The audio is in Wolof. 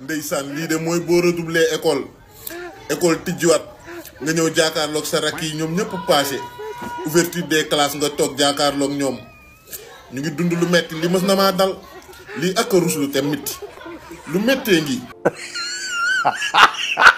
ndeysaan lii de mooy boo redoublé école école tijjiwaat nga ñëw jaakaarloog sa rakk yi ñoom ñëpp passé ouverture des classes nga toog jaakaarloog ñoom ñu ngi dund lu metti li mës na maa dal lii ak a ruslu te metti lu méttee ngi